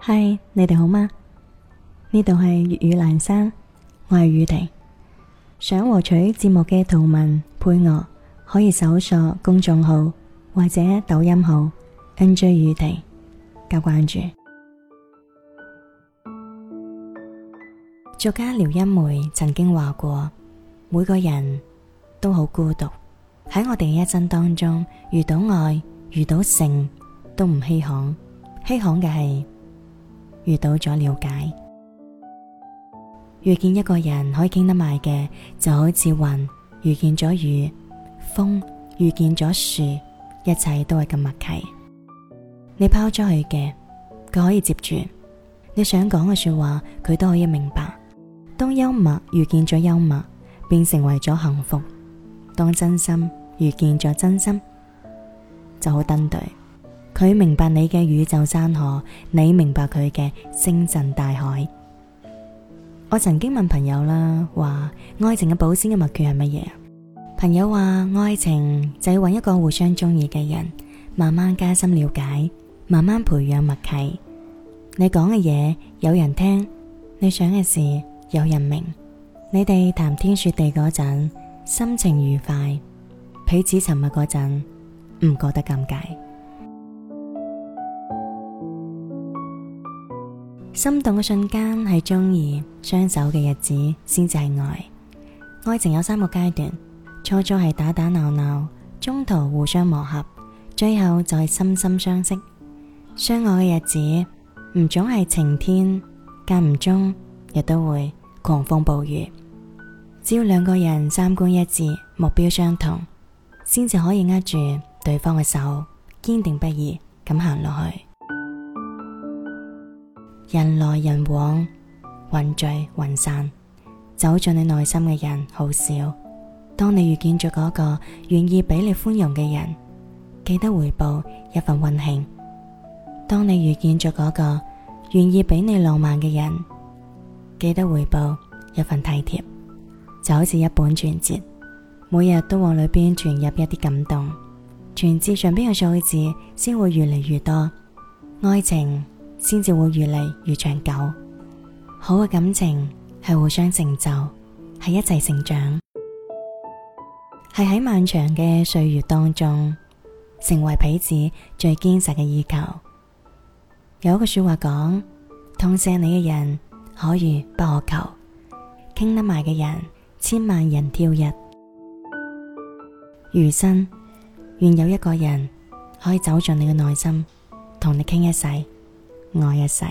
嗨，Hi，你哋好嗎？呢度係粵語蘭生，我係宇婷。想獲取節目嘅圖文配樂，可以搜索公眾號或者抖音號 NJ 宇婷加關注。作家廖一梅曾經話過：每個人都好孤獨。喺我哋一生當中，遇到愛，遇到性，都唔稀罕。稀罕嘅係，遇到咗了解，遇見一個人可以傾得埋嘅，就好似雲遇見咗雨，風遇見咗樹，一切都係咁默契。你拋出去嘅，佢可以接住；你想講嘅說話，佢都可以明白。當幽默遇見咗幽默，變成為咗幸福；當真心遇見咗真心，就好登對。佢明白你嘅宇宙山河，你明白佢嘅星辰大海。我曾經問朋友啦，話愛情嘅保鮮嘅秘訣係乜嘢？朋友話愛情就要揾一個互相中意嘅人，慢慢加深了解，慢慢培養默契。你講嘅嘢有人聽，你想嘅事有人明。你哋談天說地嗰陣心情愉快，彼此沉默嗰陣唔覺得尷尬。心動嘅瞬間係鍾意，相守嘅日子先至係愛。愛情有三個階段，初初係打打鬧鬧，中途互相磨合，最後就係心心相惜。相愛嘅日子唔總係晴天，間唔中亦都會狂風暴雨。只要兩個人三觀一致，目標相同，先至可以握住對方嘅手，堅定不移咁行落去。人來人往，雲聚雲散，走進你內心嘅人好少。當你遇見咗嗰個願意俾你寬容嘅人，記得回報一份溫馨；當你遇見咗嗰個願意俾你浪漫嘅人，記得回報一份體貼。就好似一本存折，每日都往裏邊存入一啲感動，存折上邊嘅數字先會越嚟越多。愛情，先至會越嚟越長久。好嘅感情係互相成就，係一齊成長，係喺漫長嘅歲月當中成為彼此最堅實嘅依靠。有一個說話講：痛錫你嘅人可遇不可求，傾得埋嘅人千萬人挑一。餘生願有一個人可以走進你嘅內心，同你傾一世。愛一世。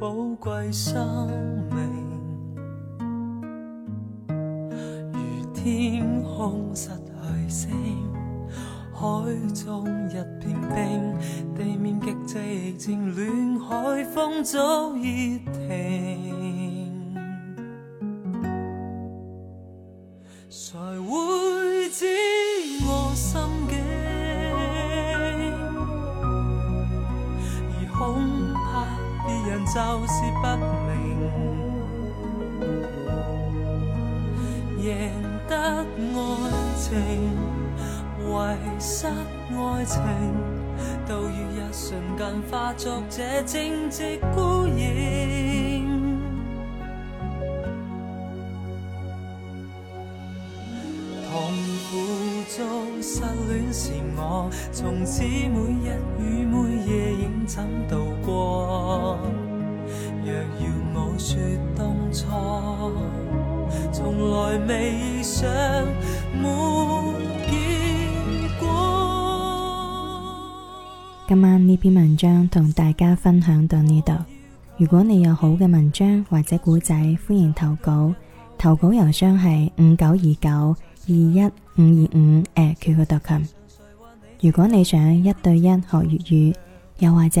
寶貴生命，如天空失去星，海中一片冰，地面極寂靜，暖海風早已停，誰會知我心境而恐怕。別人就是不明，贏得愛情，遺失愛情，都於一瞬間化作這靜寂孤影。痛苦中失戀是我，從此每日與每夜應怎度過？若要未想今晚呢篇文章同大家分享到呢度。如果你有好嘅文章或者古仔，歡迎投稿。投稿郵箱係五九二九二一五二五。艾特 QQ 點 COM。如果你想一對一學粵語，又或者……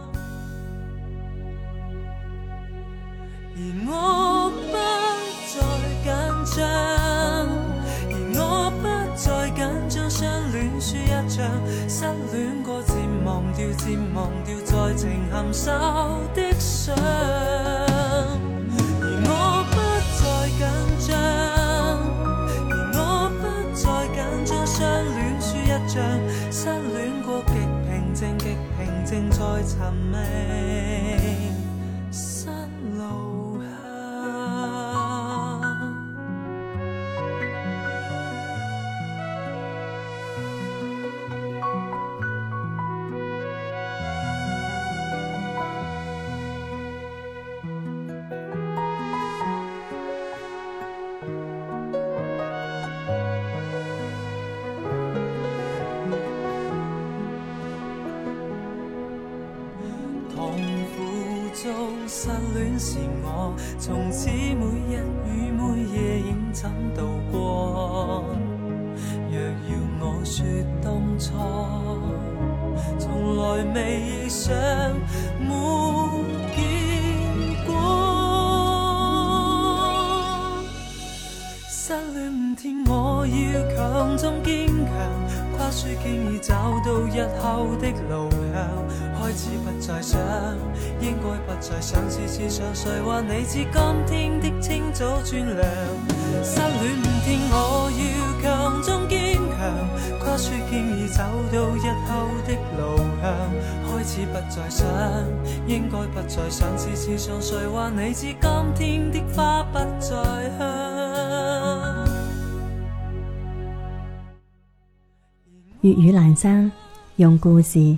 難受的傷。失戀時我，從此每日與每夜應怎渡過？若要我説當初，從來未想沒結果。失戀五天我，我要強裝堅強，誇説經已找到日後的路向。開始不再想，應該不再想，事實上誰話你知？今天的清早轉涼。失戀五天，我要強中堅強。跨書籤已走到日後的路向，開始不再想，應該不再想，事實上誰話你知？今天的花不再香。粵語闌生，用故事，